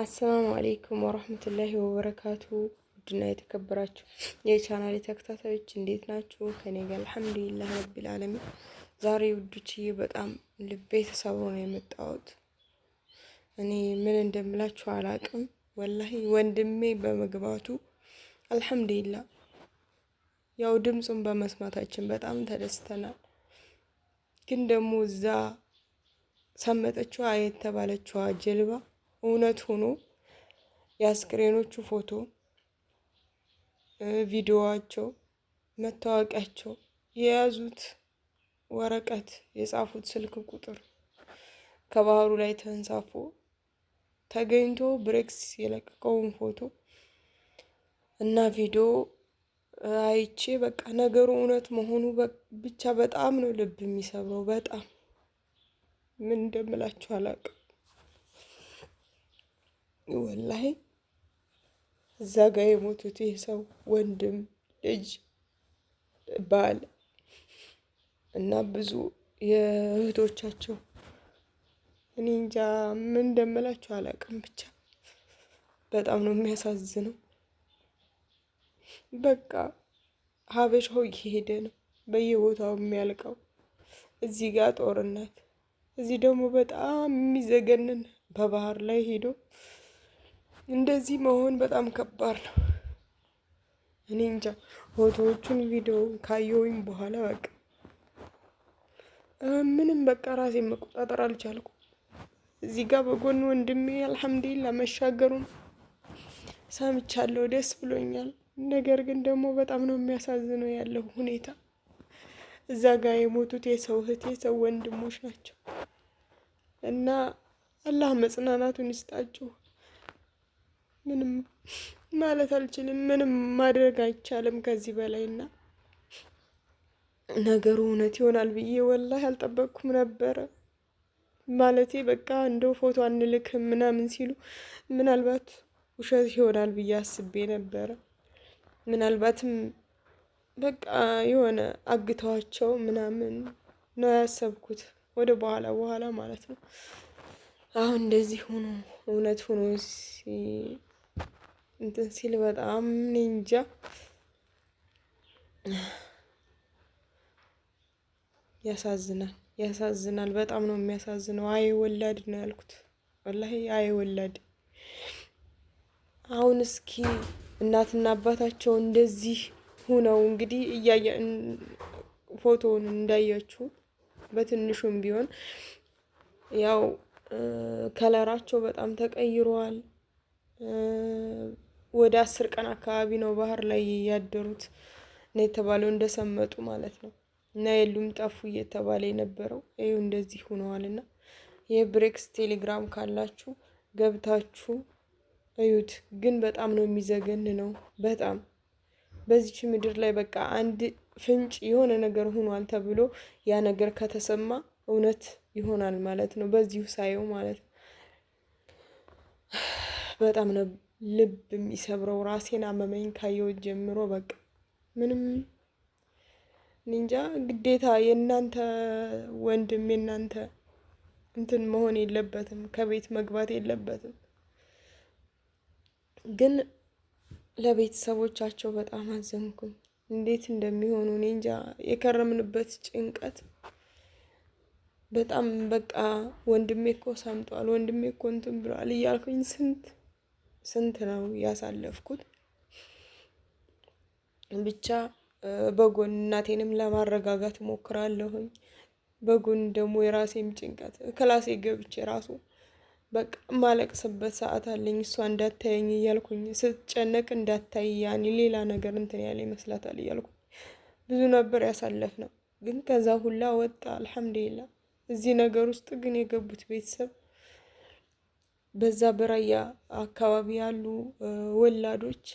አሰላሙ አሌይኩም ወራህመቱላሂ ወበረካቱ። ውድና የተከበራችሁ የቻናል ተከታታዮች እንዴት ናችሁ? ከኔ ጋር አልሐምዱሊላህ ረቢል ዓለሚን። ዛሬ ውዶችዬ በጣም ልቤ ተሰብሮ ነው የመጣሁት። እኔ ምን እንደምላችሁ አላቅም። ወላሂ ወንድሜ በመግባቱ አልሐምዱሊላህ፣ ያው ድምፁን በመስማታችን በጣም ተደስተናል። ግን ደግሞ እዛ ሰመጠችዋ የተባለችዋ ጀልባ እውነት ሆኖ የአስክሬኖቹ ፎቶ፣ ቪዲዮዋቸው፣ መታወቂያቸው፣ የያዙት ወረቀት፣ የጻፉት ስልክ ቁጥር ከባህሩ ላይ ተንሳፎ ተገኝቶ ብሬክስ የለቀቀውን ፎቶ እና ቪዲዮ አይቼ በቃ ነገሩ እውነት መሆኑ ብቻ በጣም ነው ልብ የሚሰብረው። በጣም ምን እንደምላችሁ አላውቅም። ወላሂ እዛ ጋር የሞቱት ይህ ሰው ወንድም፣ ልጅ፣ ባል እና ብዙ የእህቶቻቸው እኔ እንጃ ምን እንደምላቸው አላውቅም። ብቻ በጣም ነው የሚያሳዝነው። በቃ ሀበሻው እየሄደ ነው በየቦታው የሚያልቀው። እዚህ ጋር ጦርነት፣ እዚህ ደግሞ በጣም የሚዘገንን በባህር ላይ ሄዶ እንደዚህ መሆን በጣም ከባድ ነው። እኔ እንጃ ፎቶዎቹን ቪዲዮ ካየሁኝ በኋላ በቃ ምንም በቃ ራሴ መቆጣጠር አልቻልኩ። እዚህ ጋር በጎን ወንድሜ አልሐምዱሊላ መሻገሩን ሰምቻለሁ፣ ደስ ብሎኛል። ነገር ግን ደግሞ በጣም ነው የሚያሳዝነው ያለው ሁኔታ። እዛ ጋር የሞቱት የሰው እህት የሰው ወንድሞች ናቸው እና አላህ መጽናናቱን ይስጣችሁ። ምንም ማለት አልችልም። ምንም ማድረግ አይቻልም ከዚህ በላይ እና ነገሩ እውነት ይሆናል ብዬ ወላሂ አልጠበቅኩም ነበረ። ማለቴ በቃ እንደው ፎቶ አንልክም ምናምን ሲሉ ምናልባት ውሸት ይሆናል ብዬ አስቤ ነበረ። ምናልባትም በቃ የሆነ አግተዋቸው ምናምን ነው ያሰብኩት፣ ወደ በኋላ በኋላ ማለት ነው። አሁን እንደዚህ ሆኖ እውነት ሆኖ እንትን ሲል በጣም ኒንጃ ያሳዝናል፣ ያሳዝናል። በጣም ነው የሚያሳዝነው። አይ ወላድ ነው ያልኩት፣ ወላሂ አይ ወላድ። አሁን እስኪ እናትና አባታቸው እንደዚህ ሁነው እንግዲህ እያየ ፎቶውን እንዳያችሁ በትንሹም ቢሆን ያው ከለራቸው በጣም ተቀይሯል። ወደ አስር ቀን አካባቢ ነው ባህር ላይ ያደሩት ነው የተባለው፣ እንደሰመጡ ማለት ነው። እና የሉም ጠፉ እየተባለ የነበረው ይኸው እንደዚህ ሆነዋል። እና የብሬክስ ቴሌግራም ካላችሁ ገብታችሁ እዩት። ግን በጣም ነው የሚዘገን ነው በጣም በዚች ምድር ላይ በቃ አንድ ፍንጭ የሆነ ነገር ሆኗል ተብሎ ያ ነገር ከተሰማ እውነት ይሆናል ማለት ነው። በዚሁ ሳየው ማለት ነው በጣም ልብ የሚሰብረው ራሴን አመመኝ ካየው ጀምሮ በቃ ምንም እንጃ። ግዴታ የእናንተ ወንድም የእናንተ እንትን መሆን የለበትም ከቤት መግባት የለበትም። ግን ለቤተሰቦቻቸው በጣም አዘንኩኝ። እንዴት እንደሚሆኑ እኔ እንጃ። የከረምንበት ጭንቀት በጣም በቃ ወንድሜ እኮ ሰምጧል፣ ወንድሜ እኮ እንትን ብሏል እያልኩኝ ስንት ስንት ነው ያሳለፍኩት። ብቻ በጎን እናቴንም ለማረጋጋት ሞክራለሁኝ። በጎን ደግሞ የራሴም ጭንቀት ክላሴ ገብቼ ራሱ በቃ ማለቅስበት ሰዓት አለኝ። እሷ እንዳታየኝ እያልኩኝ ስትጨነቅ እንዳታይ ያኔ ሌላ ነገር እንትን ያለ ይመስላታል እያልኩ ብዙ ነበር ያሳለፍ ነው። ግን ከዛ ሁላ ወጣ አልሐምዱሊላ። እዚህ ነገር ውስጥ ግን የገቡት ቤተሰብ በዛ በራያ አካባቢ ያሉ ወላዶች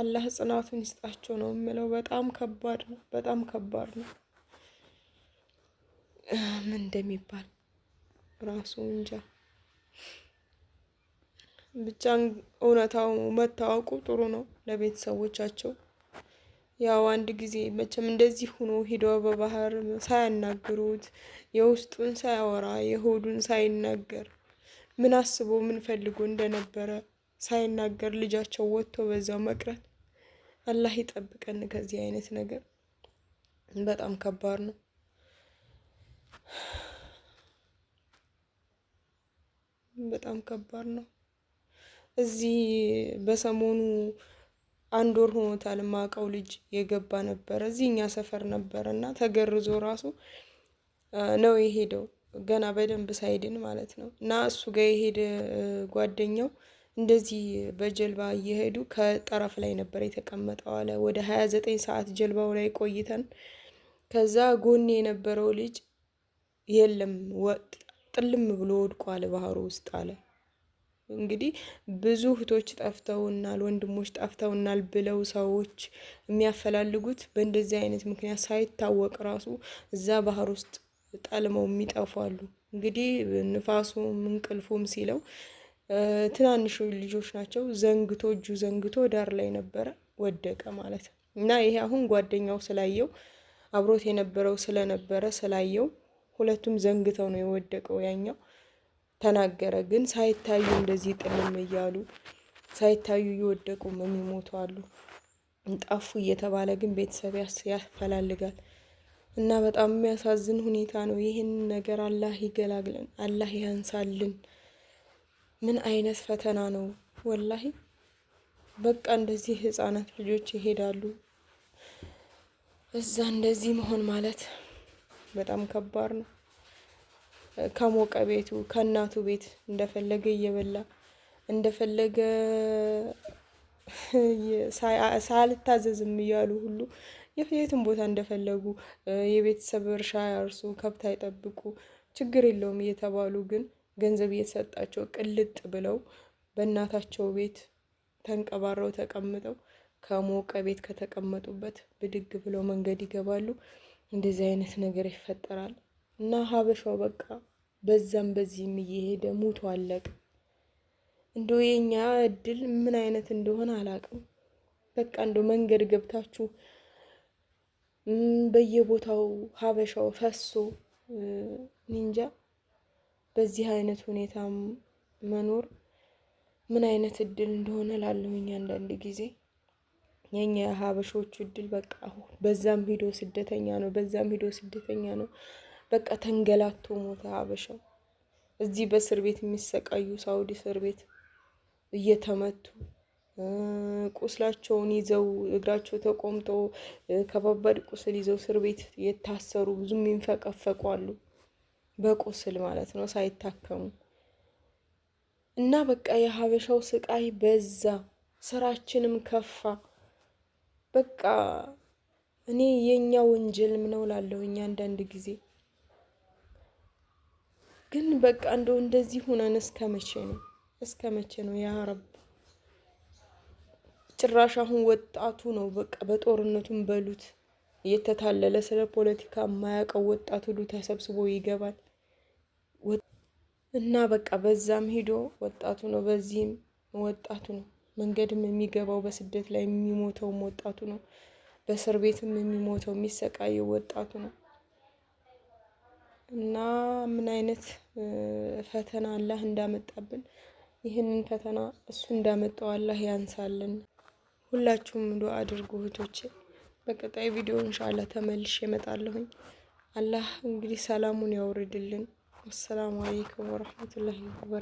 አላህ ጽናቱን ይስጣቸው ነው የምለው። በጣም ከባድ ነው፣ በጣም ከባድ ነው። ምን እንደሚባል ራሱ እንጃ። ብቻ እውነታው መታወቁ ጥሩ ነው ለቤተሰቦቻቸው። ያው አንድ ጊዜ መቼም እንደዚህ ሆኖ ሂዶ በባህር ሳያናግሩት የውስጡን ሳያወራ የሆዱን ሳይናገር ምን አስቦ ምን ፈልጎ እንደነበረ ሳይናገር ልጃቸው ወጥቶ በዛው መቅረት። አላህ ይጠብቀን ከዚህ አይነት ነገር። በጣም ከባድ ነው። በጣም ከባድ ነው። እዚህ በሰሞኑ አንድ ወር ሆኖታል ማቀው ልጅ የገባ ነበረ። እዚህ እኛ ሰፈር ነበረ እና ተገርዞ ራሱ ነው የሄደው። ገና በደንብ ሳይድን ማለት ነው። እና እሱ ጋር የሄደ ጓደኛው እንደዚህ በጀልባ እየሄዱ ከጠረፍ ላይ ነበር የተቀመጠው አለ። ወደ ሀያ ዘጠኝ ሰዓት ጀልባው ላይ ቆይተን ከዛ ጎን የነበረው ልጅ የለም ወጥ ጥልም ብሎ ወድቆ አለ ባህሩ ውስጥ አለ። እንግዲህ ብዙ እህቶች ጠፍተውናል፣ ወንድሞች ጠፍተውናል ብለው ሰዎች የሚያፈላልጉት በእንደዚህ አይነት ምክንያት ሳይታወቅ ራሱ እዛ ባህር ውስጥ ጠልመው የሚጠፉ አሉ። እንግዲህ ንፋሱም እንቅልፉም ሲለው ትናንሽ ልጆች ናቸው። ዘንግቶ እጁ ዘንግቶ ዳር ላይ ነበረ ወደቀ ማለት ነው። እና ይሄ አሁን ጓደኛው ስላየው አብሮት የነበረው ስለነበረ ስላየው ሁለቱም ዘንግተው ነው የወደቀው። ያኛው ተናገረ። ግን ሳይታዩ እንደዚህ ጥልም እያሉ ሳይታዩ እየወደቁ የሚሞቱ አሉ። ጠፉ እየተባለ ግን ቤተሰብ ያስ ያስፈላልጋል። እና በጣም የሚያሳዝን ሁኔታ ነው። ይህን ነገር አላህ ይገላግለን፣ አላህ ያንሳልን። ምን አይነት ፈተና ነው ወላሂ። በቃ እንደዚህ ህጻናት ልጆች ይሄዳሉ እዛ። እንደዚህ መሆን ማለት በጣም ከባድ ነው። ከሞቀ ቤቱ ከእናቱ ቤት እንደፈለገ እየበላ እንደፈለገ ሳልታዘዝም እያሉ ሁሉ የትም ቦታ እንደፈለጉ የቤተሰብ እርሻ ያርሱ፣ ከብት አይጠብቁ፣ ችግር የለውም እየተባሉ ግን ገንዘብ እየተሰጣቸው ቅልጥ ብለው በእናታቸው ቤት ተንቀባረው ተቀምጠው ከሞቀ ቤት ከተቀመጡበት ብድግ ብለው መንገድ ይገባሉ። እንደዚህ አይነት ነገር ይፈጠራል እና ሀበሻው በቃ በዛም በዚህም እየሄደ ሙቶ አለቅ እንዶ የኛ እድል ምን አይነት እንደሆነ አላቅም። በቃ እንዶ መንገድ ገብታችሁ በየቦታው ሀበሻው ፈሶ ኒንጃ በዚህ አይነት ሁኔታ መኖር ምን አይነት እድል እንደሆነ ላለሁኝ አንዳንድ ጊዜ የኛ የሀበሾቹ እድል በቃ በዛም ሂዶ ስደተኛ ነው፣ በዛም ሂዶ ስደተኛ ነው። በቃ ተንገላቶ ሞተ ሀበሻው። እዚህ በእስር ቤት የሚሰቃዩ ሳውዲ እስር ቤት እየተመቱ ቁስላቸውን ይዘው እግራቸው ተቆምጦ ከባባድ ቁስል ይዘው እስር ቤት የታሰሩ ብዙ የሚንፈቀፈቁ አሉ። በቁስል ማለት ነው ሳይታከሙ እና በቃ የሀበሻው ስቃይ በዛ፣ ስራችንም ከፋ። በቃ እኔ የእኛ ወንጀልም ነው እኛ አንዳንድ ጊዜ ግን በቃ እንደው እንደዚህ ሁነን እስከ መቼ ነው? እስከ መቼ ነው ያ ረብ ጭራሽ አሁን ወጣቱ ነው በቃ በጦርነቱም በሉት እየተታለለ ስለ ፖለቲካ የማያውቀው ወጣት ሁሉ ተሰብስቦ ይገባል እና በቃ በዛም ሂዶ ወጣቱ ነው፣ በዚህም ወጣቱ ነው፣ መንገድም የሚገባው በስደት ላይ የሚሞተውም ወጣቱ ነው፣ በእስር ቤትም የሚሞተው የሚሰቃየው ወጣቱ ነው። እና ምን አይነት ፈተና አላህ እንዳመጣብን ይህንን ፈተና እሱ እንዳመጣው አላህ ያንሳልን። ሁላችሁም ዱአ አድርጉ እህቶቼ። በቀጣይ ቪዲዮ እንሻላ ተመልሼ እመጣለሁኝ። አላህ እንግዲህ ሰላሙን ያውርድልን። አሰላሙ አለይኩም ወረህመቱላሂ ወበረካቱ።